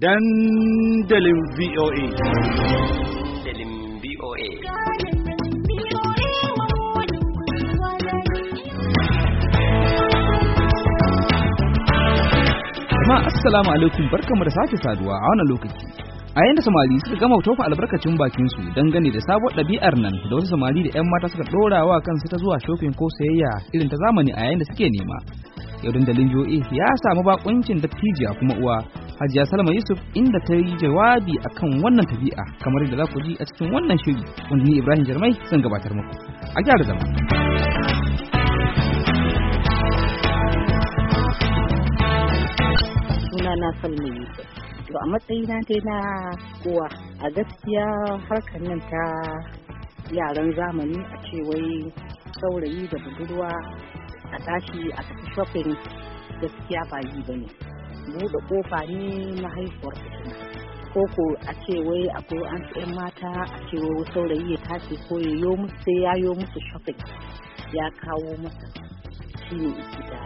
dandalin VOA. Dandalin VOA. Jama'a assalamu alaikum barkamu da sake saduwa a wannan lokaci. A yanda samari suka gama tofa albarkacin bakin bakinsu dangane da sabuwar ɗabi'ar nan da wasu samari da 'yan mata suka ɗora wa kansu ta zuwa shopping ko sayayya irin ta zamani a yayin da suke nema. Yau dandalin VOA ya samu bakuncin dattijiya kuma uwa Hajiya Salma Yusuf inda ta yi jawabi akan wannan tabi'a kamar yadda za ku ji a cikin wannan shiri wanda ni Ibrahim Jarmai zan gabatar muku. A gyara zama. Sunana Salma Yusuf. To a matsayina na kowa a gaskiya harkar nan ta yaran zamani a ce wai saurayi da budurwa a tashi a tafi shopping gaskiya ba yi ba ne. buɗe kofa ne na haihuwar ko ko a ce wai akwai an yan mata a ce wai saurayi ya tashi ko ya yo musu sai ya yo musu shafi ya kawo masa shi ne da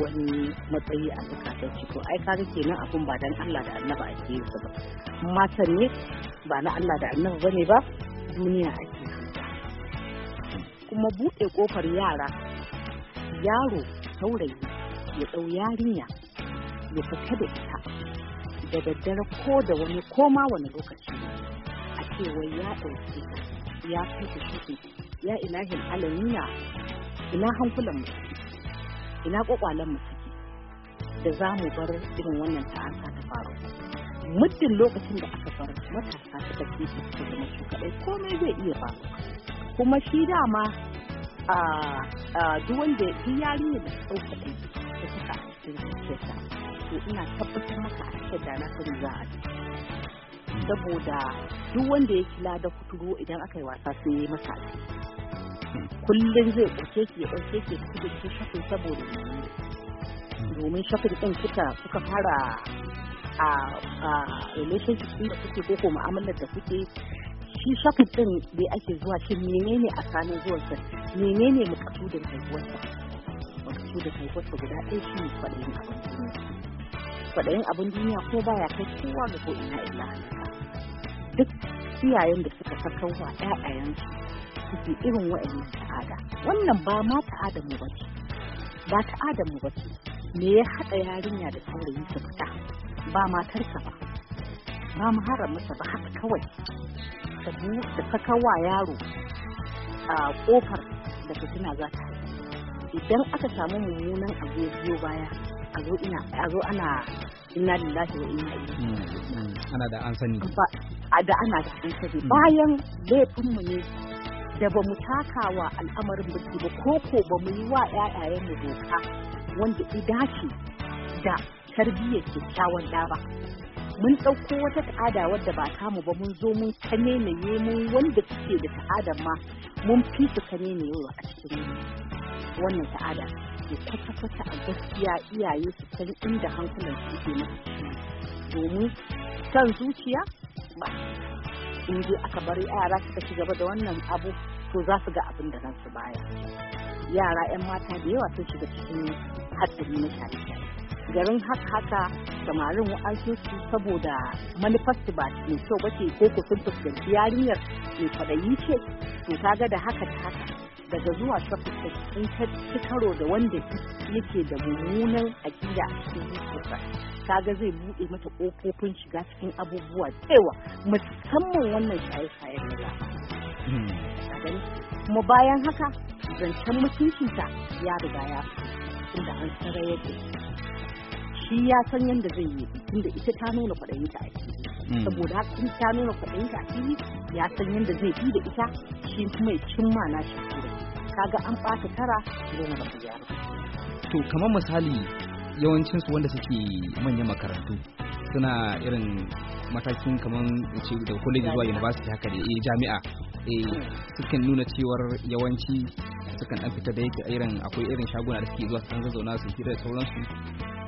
wani matsayi a zukatan shi ko ai ke kenan abun ba dan Allah da Annaba a ke yi ba matan ne ba na Allah da Annaba ne ba duniya ake kuma buɗe kofar yara yaro saurayi ya ɗau yarinya ya fita da ita da daddare ko da wani koma wani lokaci a cewa ya ɗauke ya fi shi ya ilahin alamina ina hankulan mu ina kwakwalen mu da za mu bar irin wannan ta'asa ta faru muddin lokacin da aka bar matasa ta ke su su zama su kaɗai komai zai iya faru kuma shi dama a duk wanda ya ne da ɗauka ɗai da suka a cikin to ina tabbatar maka a cikin da na sani za a ci saboda duk wanda ya kila da kuturo idan aka yi wasa sai ya yi masa kullum zai ɓarke ki ya ke ki ku da shi shafin saboda domin shafin ɗin kuka suka fara a relationship ɗin da kuke ko ko mu'amalar da kuke shi shafin ɗin da ake zuwa shi menene a kanin zuwansa menene makasudin haihuwarsa makasudin haihuwarsa guda ɗaya shi ne kwaɗayin abin duniya kwaɗayin abin duniya ko baya kai kowa ga ko ina illa duk iyayen da suka saka wa ƴaƴayensu suke irin wa'annan ta'ada wannan ba ma ta'ada mu bace ba ta'ada mu bace me ya haɗa yarinya da saurayi su fita ba matarsa ba ba mu masa ba haka kawai ka da wa yaro a ƙofar da fitina za ta idan aka samu mummunan abu ya biyo baya a zo ana inna lillahi wa inna ilaihi hmm, hmm. ana da an sani da ana da an sani hmm. bayan mu ne da bamu taka wa al'amarin biki ba ko ko ba mu yi wa mu doka wanda i dace da tarbiyyar kyakkyawan da ba mun ɗauko wata ta'ada wadda ba tamu ba mun zo mun kane ne mun wanda suke da ta'adar ma mun fi su kane ne a cikin wannan ta'ada ke kwata-kwata a gaskiya iyaye su san inda hankulan su ke masu domin san zuciya ba in dai aka bar yara su ci gaba da wannan abu to za su ga abin da su baya yara 'yan mata da yawa sun shiga cikin hatsari na shari'a garin haka haka samarin wa'ansu su saboda manufarsu ba mai kyau ba ce ko ku sun fuskanci yarinyar mai kwaɗayi ce to ta ga da haka da haka daga zuwa tafasa in ka ci karo da wanda yake da mummunan aƙida a cikin zuciyarsa kaga zai buɗe mata ƙofofin shiga cikin abubuwa cewa musamman wannan shaye-shayen maza kuma bayan haka zancen mutuncinta ya riga ya fi Inda an tsara yadda. shi ya san yadda zai yi tunda ita ta nuna ta a ciki hmm. saboda haka ta nuna ta a ciki ya san yadda zai fi da ita shi kuma ya cimma na shi kaga an ɓata tara zai ba su gyara to kamar misali yawancin su wanda suke manyan makarantu suna irin matakin kamar ce da kwalejin zuwa university haka da eh, jami'a eh, hmm. sukan nuna cewar yawanci sukan dan fita da yake irin akwai irin shaguna da suke zuwa su zazzauna su hira da sauransu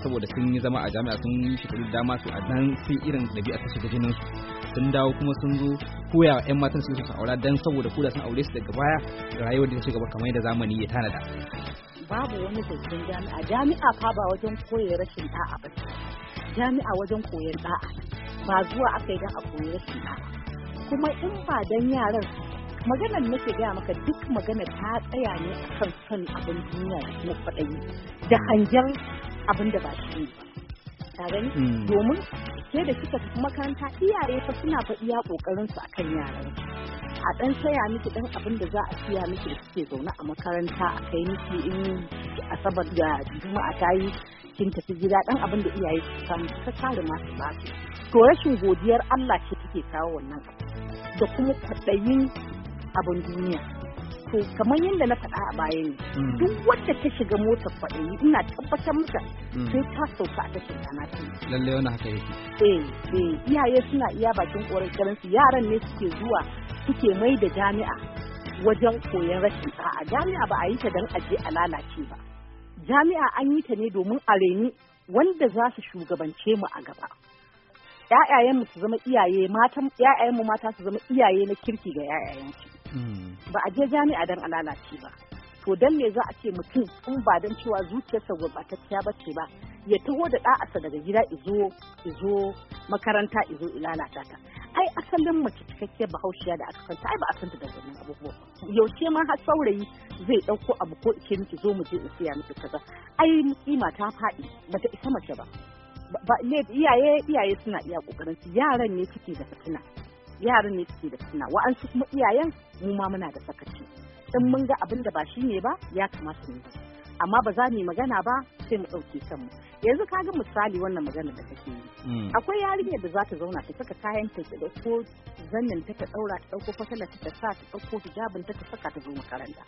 saboda sun yi zama a jami'a sun yi shekaru dama su a nan sun irin ɗabi'a ta shiga jinin su sun dawo kuma sun zo koya 'yan matan su su aura don saboda koda sun aure su daga baya da rayuwar da ta gaba kamar yadda zamani ya tanada babu wani zancen jami'a jami'a fa ba wajen koyar rashin da'a ba jami'a wajen koyar da'a ba zuwa aka yi don a koyi rashin da'a kuma in ba dan yaran maganar nake gaya maka duk magana ta tsaya ne akan son abin duniya na kwaɗayi da hangen abin da ba shi ne ba hmm. domin ke da kika tafi makaranta iyaye fa suna fa iya kokarin su akan yaran a ɗan saya miki dan abin da za a siya miki da kike zaune a makaranta a kai miki in asabar da juma'a ta yi kin tafi gida dan abin da iyaye su samu ka kare ma basu to rashin godiyar Allah ce take kawo wannan da kuma kwaɗayin abin duniya to kamar yadda na faɗa a baya mm. duk wanda ta shiga motar kwaɗayi ina tabbatar musa mm. sai ta sauka a tashin tana ta lallai wani haka yake eh eh iyaye suna iya bakin ƙoƙarin su yaran ne suke zuwa suke mai da jami'a wajen koyon rashin a'a jami'a ba a yi ta don aje a lalace ba jami'a an yi ta ne domin a reni wanda za su shugabance mu a gaba mu su zama iyaye matan mu mata su zama iyaye na kirki ga su ba a je jami'a don alalaci ba to dan me za a ce mutum in ba don cewa zuciyarsa gurbatacciya ba ce ba ya taho da ɗa'arsa daga gida izo izo makaranta izo ilalata ta ai asalin mace cikakke bahaushiya da aka kanta ai ba a santa da wannan abubuwa yaushe ma har saurayi zai ɗauko abu ko ike miki zo mu je in siya miki kaza ai kima ta faɗi bata isa mace ba ba iyaye iyaye suna iya kokarin su yaran ne suke da fitina yaran ne suke da suna wa'ansu kuma iyayen mu ma muna da sakaci in mun ga abin da ba shi ne ba ya kamata mu amma ba za mu yi magana ba sai mu ɗauke kanmu yanzu ka ga misali wannan magana da kake yi hmm. akwai yarinyar da za ta zauna ta saka kayan ta ta ɗauko zannin ta ta ɗaura ta ɗauko fasalar ta ta sa ta ɗauko hijabin ta ta saka ta zo makaranta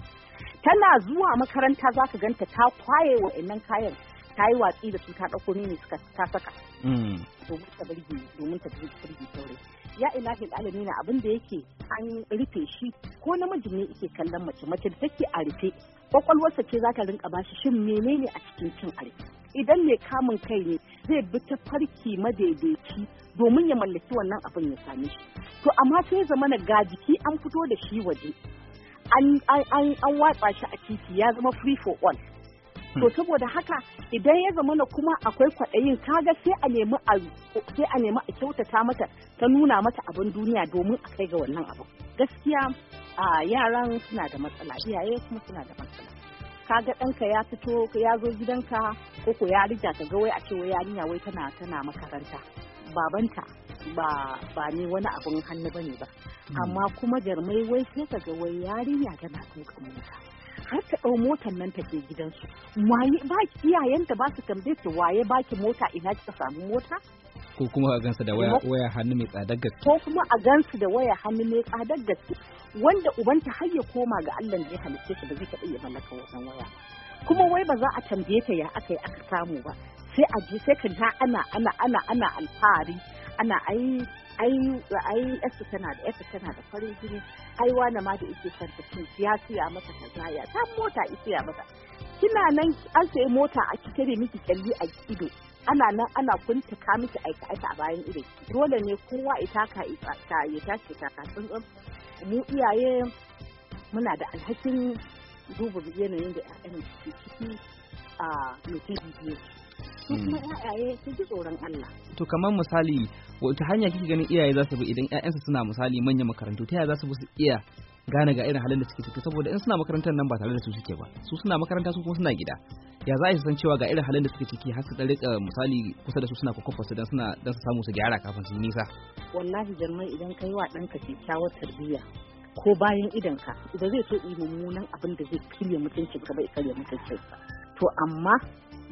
tana zuwa makaranta za ka ganta ta kwaye wa wa'annan kayan ta yi watsi da su ta ɗauko ne suka ta saka hmm. domin ta birge domin ta birge saurayi ya ilahi na abin da yake an rufe shi ko namiji ne yake kallon mace mace da take a rufe kwakwalwarsa ce za ta rinka bashi shin menene a cikin cin arziki idan mai kamun kai ne zai bi ta farki madaidaici domin ya mallaki wannan abin ya same shi to amma sai zama ga jiki an fito da shi waje an watsa shi a titi ya zama free for all hmm. to saboda haka idan ya zama na kuma akwai kwaɗayin kaga sai a nemi a sai a nemi a kyautata mata ta nuna mata abin duniya domin a kai ga wannan abu gaskiya a yaran suna da matsala iyaye kuma suna da matsala kaga ɗanka ya fito ya zo gidanka ko ko ya rija ka ga wai a ce wai yarinya wai tana tana makaranta babanta ba ba ne wani abin hannu bane ba hmm. amma kuma jarmai wai sai ka ga wai yarinya tana tuka mota har ta ɗau motar nan ta ke gidansu waye ba iyayenta ba su tambaye ta waye baki mota ina kika samu mota ko kuma a gansu da waya hannu mai tsadar gaske ko kuma a gansu da waya hannu mai tsadar gaske wanda ubanta har ya koma ga Allah da ya halitta shi ba zai taɓa iya mallaka wannan waya kuma wai ba za a tambaye ta ya aka yi aka samu ba sai a je sai ka ana ana ana ana alfahari ana ai ai ai yasu tana da yasu tana da farin jini ai wani ma da ike son ta ya siya mata kaza ya ta mota ya siya mata kina nan an sayi mota a kike miki kyalli a ido ana nan ana kuntuka miki aika aika a bayan ido dole ne kowa ita ka ita ya ta ka tsantsan mu iyaye muna da alhakin duba yanayin da 'ya'yan ciki a mutum biyu su hmm. kuma su ji tsoron Allah to kamar misali wata hanya kike ganin iyaye za su bi idan ƴaƴansu suna misali manyan makarantu ta yaya za su bi su iya gane ga irin halin da suke ciki saboda in suna makarantar nan ba tare da su suke ba su suna makaranta su kuma suna gida ya za a san cewa ga irin halin da suke ciki har su dan rika misali kusa da su suna kokofa su dan suna dan su samu su gyara kafin su yi nisa wallahi jarmai idan kai wa danka kyakkyawar tarbiyya ko bayan idan ka da zai so yi mummunan abin da zai kirya mutunci ka bai kirya mutuncin to amma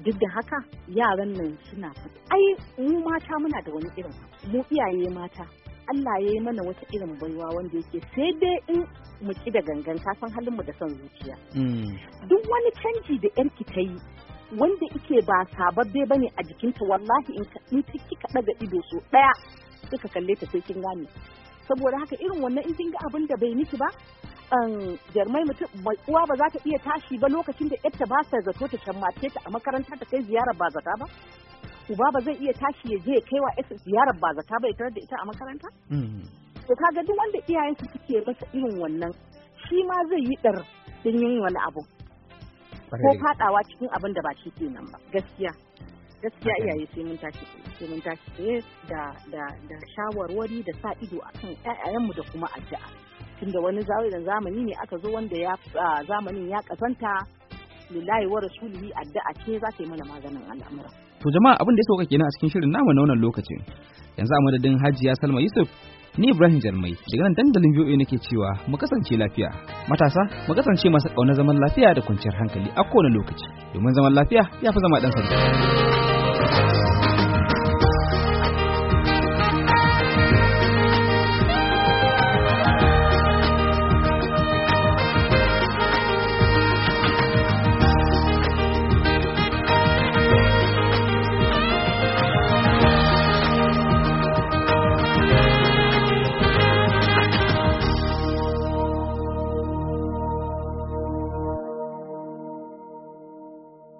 duk da haka yaran nan suna ai mu mata muna da wani irin mu iyaye mata Allah ya yi mana wata irin baiwa wanda yake sai dai in mu ki da gangan ta san halin mu da son zuciya mm. duk wani canji da yarki ta yi wanda ike ba sababbe bane a jikinta wallahi in kika daga ido so daya kika kalle ta sai kin gane saboda haka irin wannan in kin ga abin da bai miki ba jarmai mutum uwa ba za ta iya tashi ba lokacin da yadda ba sa zato ta mace ta a makaranta ta kai ziyarar ba zata ba uba ba zai iya tashi ya je ya kai wa yasa ziyarar ba zata ba ya tarar da ita a makaranta mm-hmm. to ga duk wanda su suke masa irin wannan shi ma zai yi dar din yin wani abu ko fadawa cikin abin da ba shi kenan ba gaskiya gaskiya iyaye sai mun tashi sai mun tashi da da da shawarwari da sa ido akan mu da kuma addu'a tunda wani zawirin zamani ne aka zo wanda ya zamanin ya kasanta lillahi wa rasulihi addu'a ce za ta yi mana maganin al'amura to jama'a abin da ya sauka kenan a cikin shirin namu na wannan lokacin yanzu a madadin Hajiya Salma Yusuf ni Ibrahim Jarmai daga nan dandalin VOA nake cewa mu kasance lafiya matasa mu kasance masu kauna zaman lafiya da kwanciyar hankali a kowane lokaci domin zaman lafiya ya fi zama dan sanda